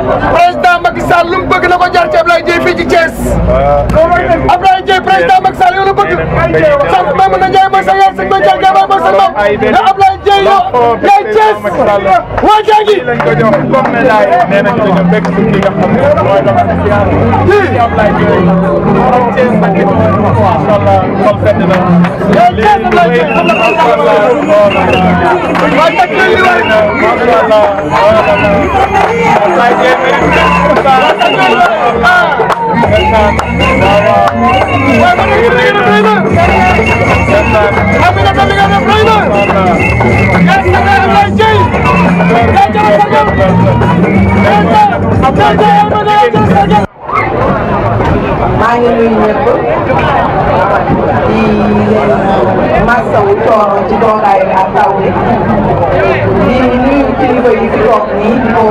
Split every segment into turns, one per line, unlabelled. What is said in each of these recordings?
président Macky a lu mu bëgg na ko jaar ci Ablaye Dieye fii ci Thiès. Ah. Ablaye Dieye a Macky Sall yow la bëgg. Ndiaye Ndiaye mooy mooy sa maam nga Ablaye Ndiaye yoo yaay Thiès waa Ndiaye lañ ko jox comme médaille nee nañ ko jox bekk suñ li nga xam ne mooy doxal siyaar ci Ablaye Ndiaye borom Thiès nag macha
allah xol fedd na léegi léegi macha allah waaye nag léegi léegi na macha allah waaye nag Ablaye Ndiaye mérite Abdul Abdul Abdul maa ngi nuyu ñëpp di leen masawu coono ci doongaayu ak taw bi di nuyu kilifa yi fi toog nii di ko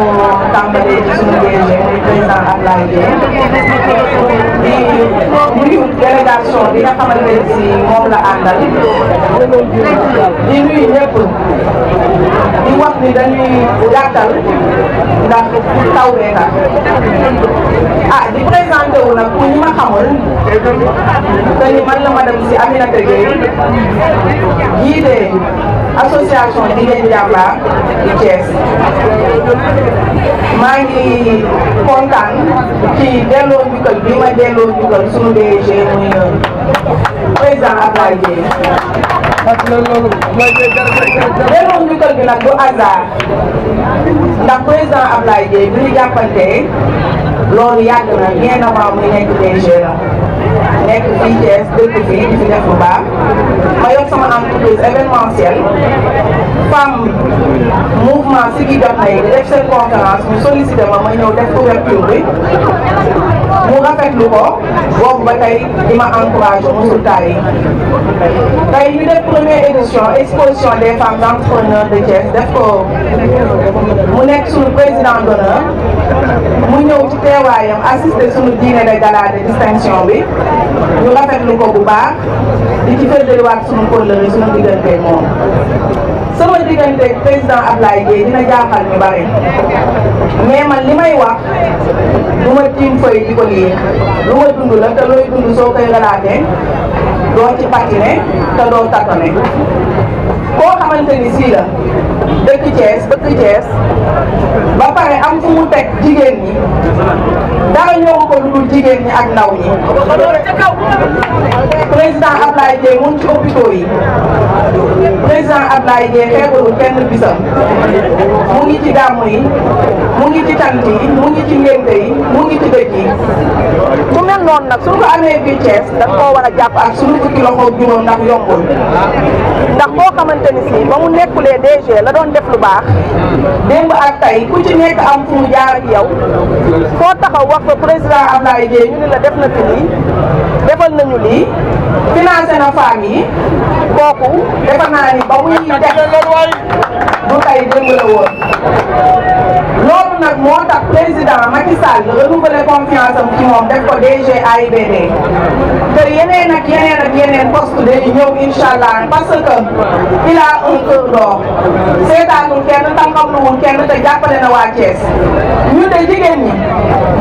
tàmbalee ci suñu DG muy président Ablaye Dieng di nuyu délégation bi nga xamante ne si moom la àndal di nuyu ñëpp di wax ni dañuy gàttal ndax taw bee tax ah boobu nag ku ñi ma xamul te ñu man la madame si Aminata Gueye jiite association jigéen jàmbaar di Thiès maa ngi kontaan ci delloo njukkal bi ma delloo njukkal suñu DG muy euh, président Abdoulaye Dièye delloo njukkal bi nag du hasard ndax président Abdoulaye Dièye bi ñu jàppante loolu yàgg na bien avant muy nekk DG la nekk fii Thiès dëkk fii di fi def bu baax ma yor sama entreprise événementielle femme mouvement si gi jot nañu def seen conférence mu sollicité ma ma ñëw def couverture bi mu rafetlu ko boobu ba tey di ma encouragé mosul taal yi tey ñu def première édition exposition des femmes entrepreneurs de Thiès def ko mu nekk suñu président d'honneur mu ñëw ci teewaayam assisté sunu diine de gala de distinction bi ñu rafetlu ko bu baax di ci fëddaliwaat sunu kóllëre sunu diggante moom sama diggante président Ablaye Dièye dina jaaxal ñu bari mais man li may wax du ma tiim fay di ko lii lu ma dund la te looy dund soo koy relaté doo ci patine te doo tatone koo xamante ni la dëkk Thiès bëgg Thiès ba pare am fu mu teg jigéen ñi dara ñëw ko lu jigéen ñi ak ndaw ñi président Ablaye Dieng mu ngi ci hôpitaux yi président Ablaye Dieng xeebalul kenn bisam mu ngi ci gàmm yi mu ngi ci tant yi mu ngi ci ngénte yi mu ngi ci dëj yi ku mel noonu nag suñu ko amee bi Thiès dañ koo war a jàpp ak suñu fukki loxo ak juróom ndax yombul ndax boo xamante ni si ba mu nekkulee DG la doon def lu baax démb ak tey ku ci nekk am fu mu jaar ak yow foo taxaw wax fa président Ablaye Dieng ñu ni la def na fi lii defal nañu lii financé na femmes yi kooku defe naa ni ba muy def du tey démb la woon loolu nag moo tax président Macky Sall renouveler confiance am ci moom def ko DG AIBD te yeneen ak yeneen ak yeneen poste dañu ñëw incha allah parce que il a un cœur d'or seetaanul kenn tànqamluwul kenn te jàppale na waa Thiès ñu de jigéen ñi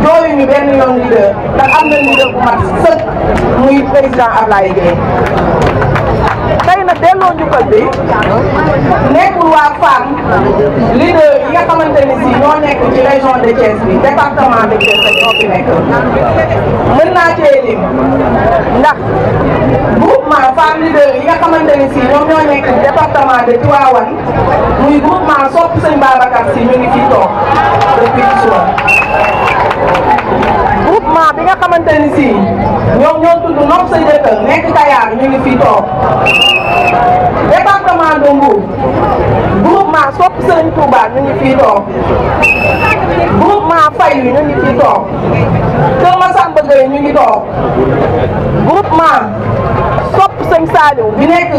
jooyuñu benn yoon leader ndax am na leader bu mat sëkk muy président Ablaye Gueye people bi nekkul waa femme leader yi nga xamante si ñoo nekk ci région de Thiès bi département de Thiès bi ñoo nekk mën naa cee lim ndax groupement femme leader yi nga xamante si ñoom ñoo nekk département de Tivaouane muy groupement sopp sëñ Babacar si ñu ngi fii toog depuis groupement bi nga xamante ni si ñoom ñoo tudd noom sa dëkk nekk Kayar ñu ngi fii toog département de Mbour groupement Sopp Sëriñ Touba ñu ngi fii toog groupement Fayu ñu ngi fii toog Kër Masamba Gueye ñu ngi toog groupement sëñ Saliou bi nekk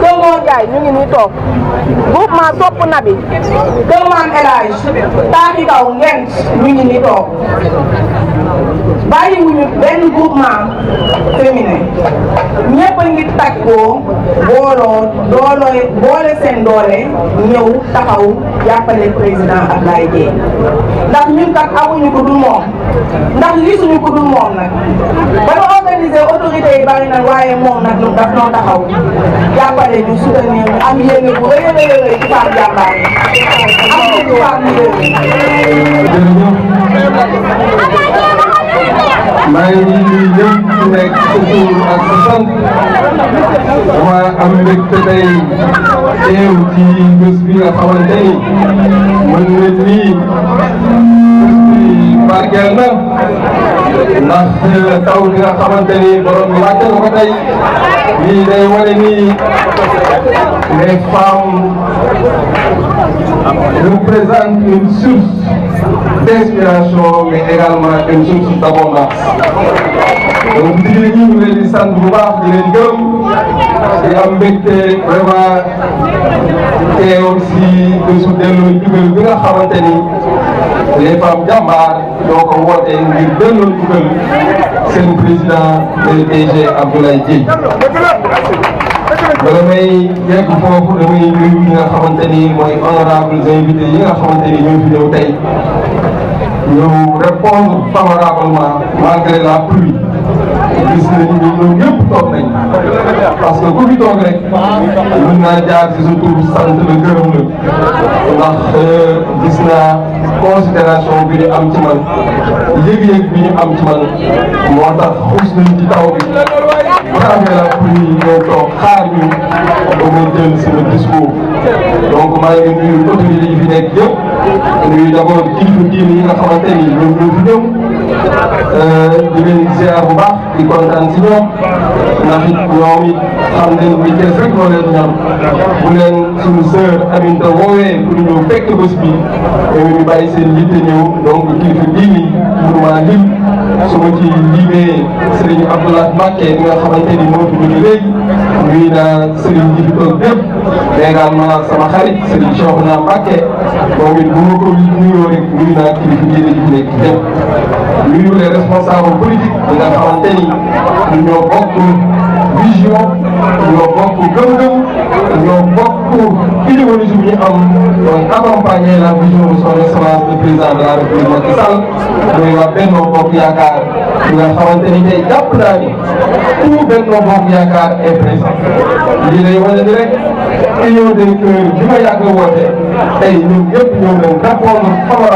kër Mor Ndiaye ñu ngi nii toog groupement Sopp Nabi kër Maam El Hadj Taaxi Kaw Ngent ñu ngi nii toog bàyyiwuñu benn groupement féminin ñëpp a ngi takkoo booloo doole boole seen doole ñëw taxaw jàppale président Ablaye Dièye ndax ñun kat amuñu ko dul moom ndax lisuñu ko moom organiser autorité yi bari na waaye moom nag lu daf noo taxaw jàppale ñu soutenir ñu am yéene bu rëy a rëy a rëy ci femme jàmbaar yi am nañu femme leader
maa ngi nuyu ñëpp ku nekk sa tur ak sa sant waa am mbégte tey teew ci bés bi nga xamante ni mën na nii barkeel na ndax eh, taw bi nga ni borom bi wàcce na ko tey lii day wane ni les femmes représentent une source d'inspiration mais également une source donc di leen ñu ngi leen di sant bu baax di leen gërëm di am mbégte vraiment teew si bésu delloo njugal bi nga xamante ni les femmes jàmbaar ñoo ko woote ngir delloo njugal seen président DG foofu damay nuyu ñi nga xamante ni mooy honorables invités yi nga xamante ni ñoo fi ñëw tey ñu répondre favorablement malgré gis nañu ñu ñëw ñëpp toog nañ parce que ku fi toog rek mën naa jaar ci sa tur sant la gërëm la ndax gis naa considération bi ñu am ci man yëg-yëg bi ñu am ci man moo tax xuus nañ ci taw bi bu amee la pour ñu ñëw toog xaar ñu ba may jël sama discours donc maa ngi nuyu autorités yi fi nekk yëpp nuyu d'abord kilifa diine yi nga xamante ni ñoom ñoo fi ñëw Euh, di leen ziar bu baax di kontaan ci ñoom ndax it xam ngeen bi kees rek moo leen ñor bu leen suñu sœur Aminta woowee pour ñëw fekk bés bi ñu bàyyi seen yitte ñëw donc kilifa diini pour ma lim su ma ci limee Serigne Abdoulaye Mbacke mi nga ni moo fi ñu nuyu naa Serigne ji fi toog bépp mais également sama xarit Serigne Cheikhouna Mbacké moom it bu ma ko nuyoo rek nuyu naa kilifa diine ji fi nekk bépp nuyu les responsables politiques yi nga xamante ni ñoo bokk vision ñoo bokk gëm-gëm ñoo bokk idéologie bi ñu am donc accompagner la vision de son excellence le président de la république Macky Sall muy waa Benno Bokk Yaakaar bi nga xamante ni tey jàpp naa ni tout Benno Bokk Yaakaar est présent lii lay wane ni rek union des cœurs bi ma yàgg woote tey ñun ñëpp ñoo doon d'accord favorable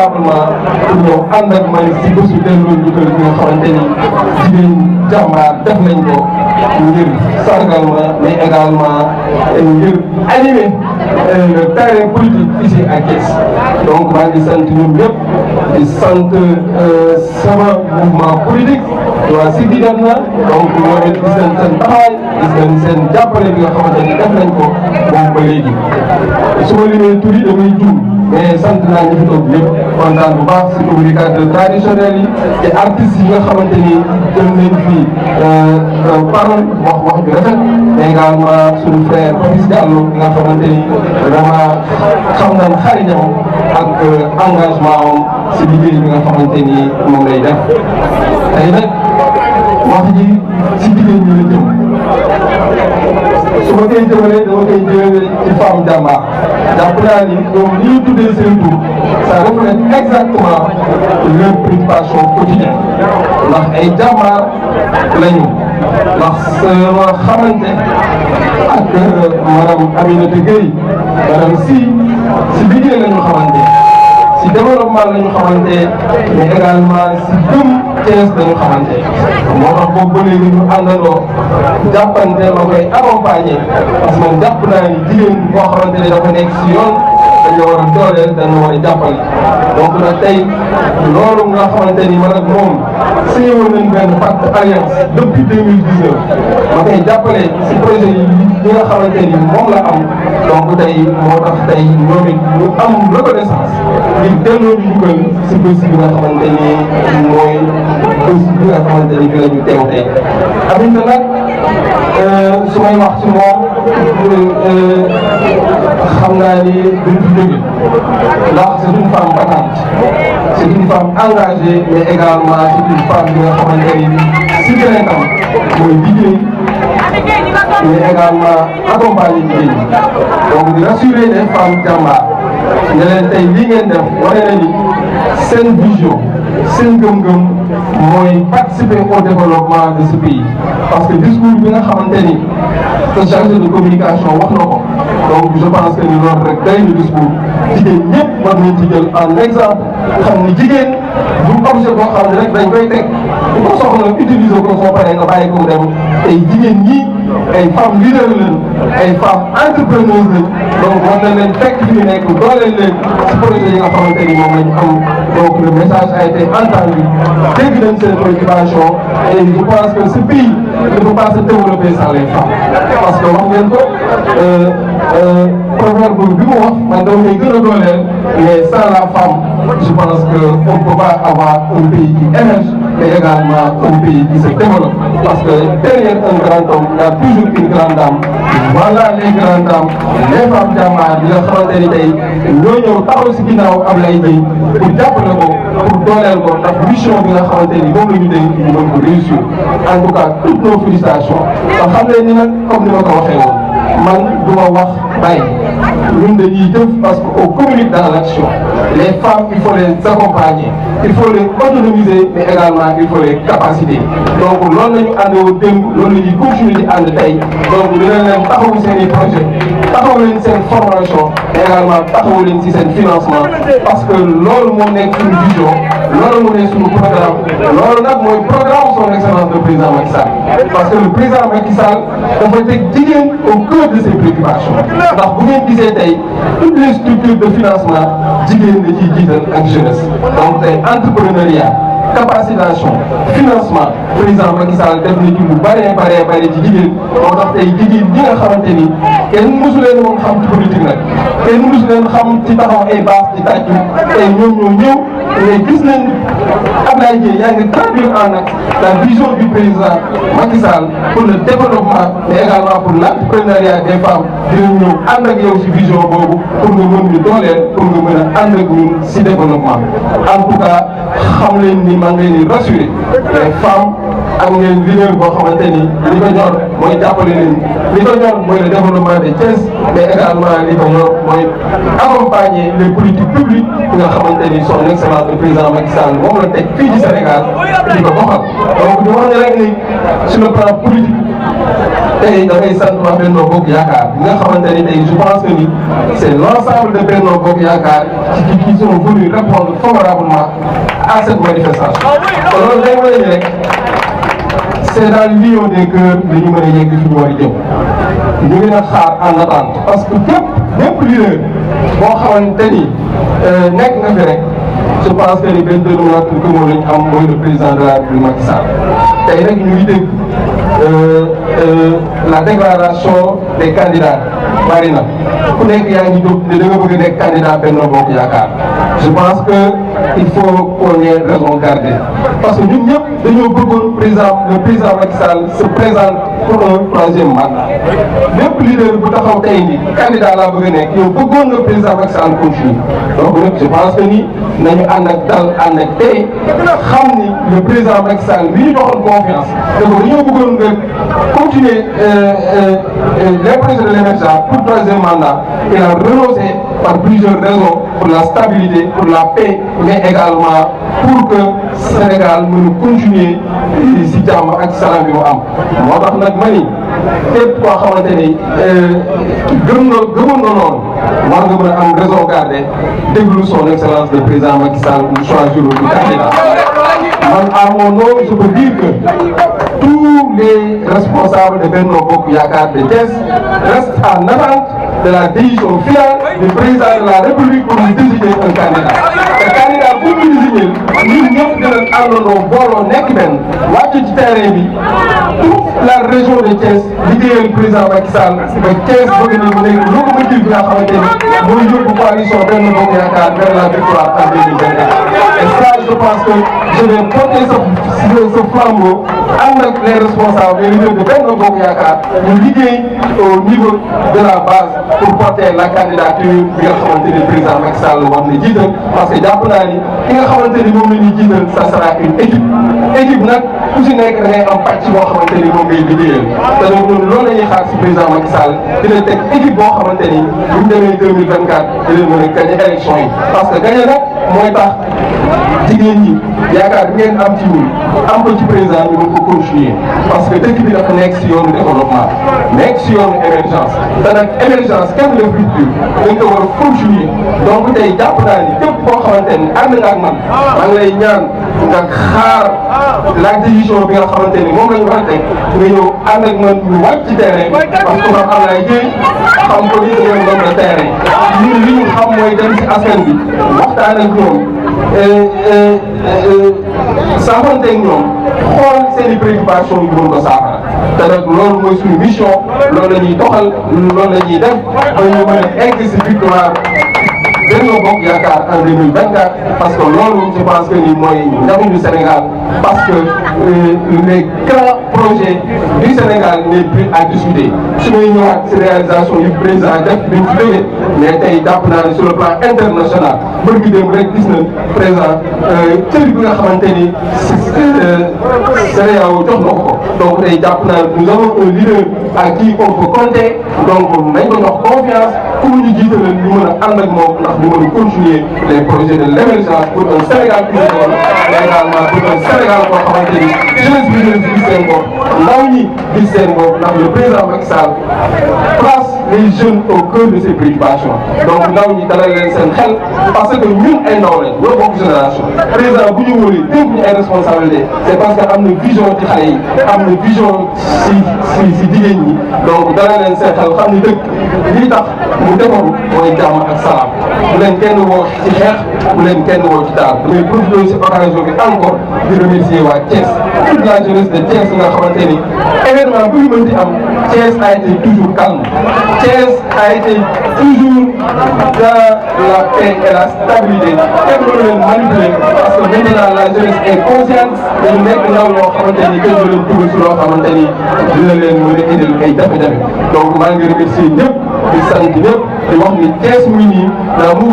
ñoo ànd ak Malick si bésu delloo ñu koy ñoo xamante ni jigéen jàmbaar def nañ ko ngir sargal ma mais également ngir animé euh, le terrain politique ici à donc maa ngi sant ñoom di sant euh, sama mouvement politique waa si di dem donc moo it gis nañ seen taxawaay gis nañ seen jàppale bi nga nañ ko moom ba léegi su ma limee mais sant naa ñu fi toog yëpp kontaan bu baax si communicateur traditionnel yi te artistes yi nga xamante ni jël nañ fi euh, euh, parole wax wax bi rafet mais également suñu frère Papis Diallo nga xamante ni vraiment xam nañ xariñam ak euh, engagement am si liggéey bi nga xamante ni moom lay def tey nag wax ji si jigéen ñi la
jëm
su ma koy jëmalee dama koy jëmale ci femme jàmbaar jàpp naa ni ñoom li ñu tuddee seen tur ça reflète exactement leur préoccupation quotidienne ndax ay jàmbaar lañu ndax sama xamante ak madame Aminata Gueye madame si si liggéey la xamante si développement la ñu xamante mais également si gëm. 15 dañu xamante moo tax boobu ba léegi ñu àndandoo jàppante ma koy accompagner parce que man jàpp naa ni jigéen boo xamante ne dafa nekk si yoon dañoo war a dooleel dañoo war a jàppale donc nag tey loolu nga xamante ni man ak moom signé woon nañ benn pacte alliance depuis 2019 ma koy jàppale si projet yi ñi nga xamante ni moom la am donc tey moo tax tey ñoom it ñu am reconnaissance ngir delloo ñu dugal si bés bi nga xamante ni mooy bés bi nga xamante ni bi la ñu teew tey Aminta nag su may wax ci moom xam naa ni duñ fi jóge ndax c'est une femme battante c'est une femme engagée mais également c'est une femme bi nga xamante ni si beneen tam mooy liggéey mais également accompagner jigéen ñi ne leen tey li ngeen def wane vision. seen gëm-gëm mooy participer au développement de ce pays parce que discours bi nga xamante ni te chargé de communication wax na ko donc je pense que ni loolu rek day ñu discours jigéen ñëpp war nañ ci jël en exemple xam ni jigéen du objet boo xam ne rek dañ koy teg ku ko soxla utiliser ko soo paree nga bàyyi ko dem tey jigéen ñi ay femmes leaders lañu ay femmes entrepreneurs lañu donc war na leen fekk fi ñu nekk dooleel leen si projet yi nga xamante ni moom la ñu am donc le message a été entendu dégg nañ seen préoccupation et je pense que ce pays ne peut pas se développer sans les femmes parce que wax ngeen ko. Euh, proverbe bi mu wax man dama koy gën a dooleel mais sans la femme je pense que on peut pas avoir un pays qui émerge mais également parce que derrière un grand homme il y a toujours une grande dame voilà les grandes dames les femmes jàmbaar yi nga xamante ni tey ñoo ñëw taxaw si ginnaaw Ablaye Dièye ko pour dooleel ko ndax mission bi nga xamante ni moom la ñu dégg ñu mën ko réussir en tout cas toutes nos félicitations te xam ne ni nag comme ni ma ko waxee woon du ma wax bàyyi ñun dañuy jëf parce que on communique dans les femmes, il faut les accompagner, il faut les autonomiser, mais également il faut les capaciter. Donc, loolu la ñu àndoo démb loolu la ñuy continuer di ànd tey donc dina leen taxawu seen i projet taxawu leen seen formation également taxawu leen si seen financement parce que loolu moo nekk suñu vision loolu moo nekk suñu programme loolu nag mooy programme son excellence de président Macky Sall parce que le président Macky Sall dafa teg jigéen au cœur de ses préoccupations ndax bu ngeen gisee tey toutes les structures de financement jigéen jigéen nga ciy jiital ak jeunesse donc tey entrepreneuriat. capacitation financement président Macky Sall def na ci lu bëree bëree bëri ci jigéen moo tax tey jigéen ñi nga xamante ni kenn mosu leen woon xam ci politique nag kenn mosu leen xam ci taxaw ay base di tàccu tey ñoom ñoo ñëw mais gis nañ Abdoulaye Dièye yaa ngi traduire en nag la vision du président Macky Sall pour le développement mais également pour l'entrepreneuriat des femmes dinañ ñëw ànd ak yow si vision boobu pour nga mën ñu dooleel pour nga mën a ànd ak ñun si développement en tout cas xam leen ni maa ngi leen di rassuré les femmes am ngeen leader boo xamante ni li ko ñor mooy jàppale leen li ko ñor mooy le développement de Thiès mais également li ko ñor mooy accompagner les politiques publiques yi nga xamante ni son excellence le président Macky Sall moom la teg fii ci Sénégal di ko doxal donc di wax ne rek ni sur le plan politique. tey dafay sant waa Benno Bokk Yaakaar bi nga xamante ni tey je pense que ni c' est l' ensemble de Benno Bokk Yaakaar ci qui sont venus répondre favorablement à cette manifestation. loolu day wane ni rek c' est dans l'union des a yegg fi ñu war a jëm ñu ngi nag xaar en attente parce que képp képp leader boo xamante euh, nekk nga fi rek. je pense que ni benn dénominateur commun la ñu am mooy le président de la République Macky Sall Euh, la déclaration des candidats bari na ku nekk yaa ngi jóg ne da nga bëgg a nekk candidat Benno Bokk Yaakaar je pense que il faut qu'on ait raison garder parce que ñun ñëpp dañoo bëgg président le président Macky Sall se présente pour un troisième mandat lépp leader bu taxaw tey ni candidat laa bëgg a nekk yow bëggoon nga président Macky je pense que ni nañu ànd ak dal ànd ak tey xam ni le président Macky Sall li ñu joxoon confiance te ko dañoo bëggoon nga continuer euh, euh, euh, les projets de l'émergence pour troisième a renoncé par plusieurs raisons pour la stabilité pour la paix mais également pour que Sénégal mën a continuer si jàmm salaam bi am moo tax nag ma ni képp koo xamante ni euh, gëm na gëmoon na noonu war nga mën a am raison garder déglu son excellence le président Macky Sall mu man à mon nom je peux dire que tous les responsables de Benno de Thiès restent en attente de la décision finale du président de la République pour nous désigner ñëw ñun ñëpp dana àndandoo booloo nekk benn wàcc ci terrain bi
toute la
région de Thiès liggéeyal président Macky Sall ba Thiès bëgg na mu nekk locomotive bi nga xamante ni a yóbbu coalition a Bokk a vers la victoire en 2024 et ça je pense que je vais porter ce ce àndal les responsables les leaders de Benno Bokk Yaakaar ñu liggéey au niveau de la base pour la candidature bi nga xamante ni président Macky Sall war na jiital parce que jàpp naa ni ki nga moom la ñuy jiital ça sera une équipe nag ku si nekk da ngay am pàcc boo xamante ni moom ngay liggéeyal te donc ñun loolu la ñuy xaar si président Macky Sall dina teg équipe boo xamante ni bu ñu demee 2024 dina mën a gagné yi jigéen ñi yaakaar bi am ci ñun am ko ci président ñu mën ko continuer parce que dëkk bi dafa nekk si yoonu développement nekk si yoonu émergence te nag émergence kenn la futur dañ ko war a continuer donc tey jàpp naa ni képp koo xamante ni ànd man maa ngi ñaan nga xaar la décision bi nga xamante ni moom la a teg nga ñëw ànd man ñu wàcc ci terrain parce que xam naa xam ko ni ngeen doon le terrain ñun li ñu xam mooy dem ci askan bi waxtaan ak ñoom euh, euh, euh, saafanteeg ñoom xool seen i préoccupation ñu mën ko saafara te nag loolu mooy suñu doxal loolu la ñuy def ba ñu mën a egg si victoire Benno Bokk Yaakaar en 2024 parce que loolu je pense que ni mooy njariñu Sénégal parce que euh, les grands projets du Sénégal n'est plus à discuter su ñuy ñëwaat si réalisation yu président def bi ñu fi jógee mais tey jàpp naa ne sur le plan international mbir mi dem rek na président euh, cër bi nga xamante ni CEDEAO euh, jox na ko ko donc tey jàpp naa nous avons à qui on peut compter donc nañ ko jox confiance pour ñu jiitalal ñu mën a ànd ak moom ndax ñu mën a continuer les projets de l'émergence pour un Sénégal plus fort mais également pour un Sénégal boo xamante ni jeunesse bi jeunesse bi seen bopp ndaw ñi di seen bopp ndax le président Macky les jeunes au cœur de ces préoccupations donc ndaw ñi dalal leen seen xel parce que ñun ay ndaw lañ loolu bokk génération président bu ñu wóoree dénk ñu ay responsabilité c'est parce que am na vision ci xale yi am na vision si si si jigéen ñi donc dalal leen seen xel xam ni dëkk lii tax mu defaru mooy jàmm ak salaam bu leen kenn woo ci xeex bu leen kenn woo ci taal damay profité si occasion bi encore di remercier waa Thiès toute la jeunesse de Thiès nga xamante ni événement bu ñu mën di am Thiès a été toujours calme Thiès a été toujours dans la paix et la stabilité kenn mënu leen manipuler parce que maintenant la jeunesse est consciente dañu nekk ndaw ñoo xamante ni kenn du leen dugal si loo xamante ni dina leen mën a indil ay jafe-jafe donc maa ngi remercier ñëpp di sant ñëpp di mu ngi nii la mu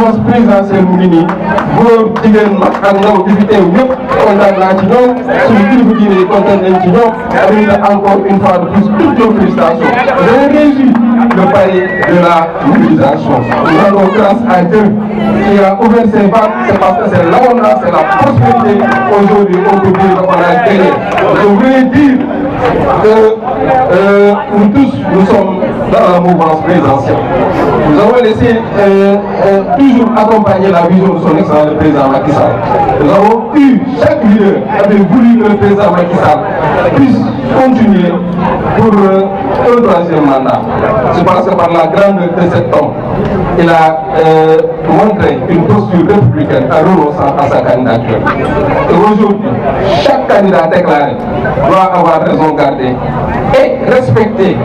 ngi nii góor jigéen mag ak ndaw di fi teew ñëpp kontaan naa ci ñoom suñu kilifa diine kontaan nañ ci ñoom am encore une fois de plus toutes nos le palier de la mobilisation. Nous allons grâce à Dieu qui a ouvert ses vannes, c'est parce que c'est l'abondance, c'est la prospérité aujourd'hui au public qu'on a gagné. Je voulais dire que euh, nous tous, nous sommes dans un mouvement présidentiel. Nous avons laissé euh, euh, toujours accompagner la vision de son excellence, le président Macky Sall. Nous avons eu, chaque leader avait voulu que le président Macky Sall puisse continuer pour euh, un troisième mandat. C'est parce que par la grande de cet homme, il a euh, montré une posture républicaine en renonçant à sa candidature. Et aujourd'hui, chaque candidat déclaré doit avoir raison gardée et respecter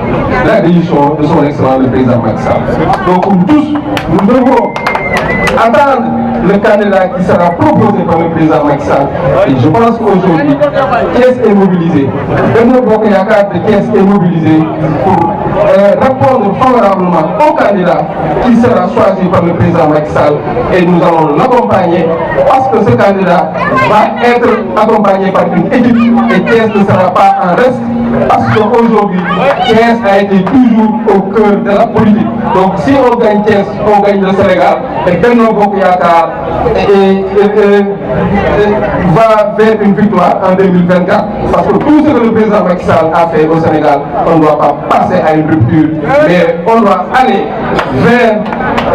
la décision de son excellent le président Macky Sall. Donc nous tous, nous devons attendre le candidat qui sera proposé par le président Macky Sall. Et je pense qu'aujourd'hui, Thiès est mobilisé. Benno Bokk Yaakaar de Thiès est mobilisé pour euh, répondre favorablement au candidat qui sera choisi par le président Macky Sall et nous allons l'accompagner parce que ce candidat va être accompagné par une équipe et Thiès ne sera pas en reste parce qu'aujourd'hui, Thiès a été toujours au cœur de la politique. si on gagne Thiès, on gagne le Sénégal et Benno Bokk et, et, va vers une victoire en 2024 parce que tout ce que le président Macky Sall a fait au on ne doit pas passer à une rupture, mais on doit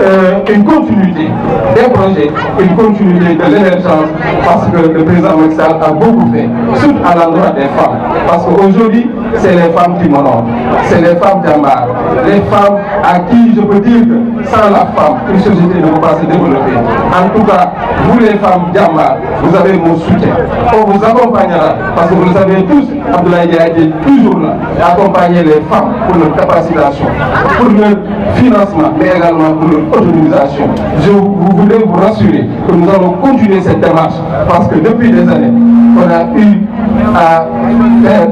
euh, une continuité des projets, une continuité de l'émergence, parce que le président Macky a beaucoup fait, surtout à l'endroit des femmes. Parce qu'aujourd'hui, c'est les femmes qui m'honorent, c'est les femmes d'Amar, les femmes à qui je peux dire que sans la femme, une société ne peut pas se développer. tout cas, vous les femmes d'Amar, vous avez mon soutien. On vous accompagnera, parce que vous savez tous, Abdoulaye a été toujours là, accompagner les femmes pour le capacitation, pour leur financement, notre autonomisation. Je voulais vous rassurer que nous allons continuer cette démarche parce que depuis des années, on a eu à faire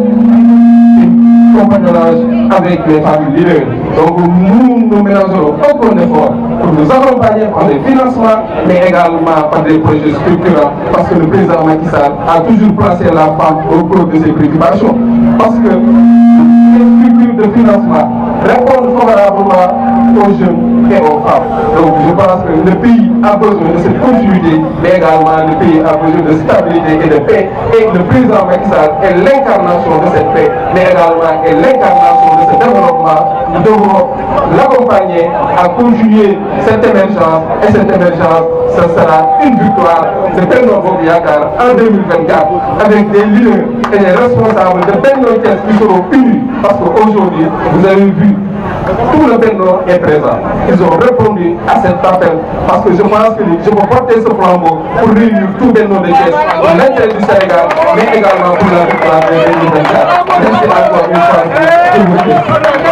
un compagnonnage avec les familles libérées. Donc nous, nous mélangerons aucun effort pour nous accompagner par des financements, mais également par des projets structurants, parce que le président Macky Sall a toujours placé la femme au cœur de ses préoccupations. Parce que les structures de financement répondent favorablement aux jeunes fait aux femmes. Donc que le pays a besoin de cette continuité, mais également le pays a besoin de stabilité et de paix. Et le président Macky Sall est l'incarnation de cette paix, mais également est l'incarnation de ce développement. Nous devons l'accompagner à conjuguer cette émergence et cette émergence, ce sera une victoire de Benno Yakar en 2024 avec des leaders et des responsables de Benno qui seront unis parce qu'aujourd'hui, vous avez vu tout le Benno est présent. Ils ont répondu à cet appel parce que je pense que je peux porter ce flambeau pour réunir tout Benno de Thiès, l'intérêt du Sénégal, mais également pour la victoire de 2024. Merci encore une fois.